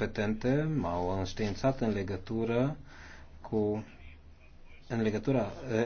competente m-au înștiințat în legătură cu în legătura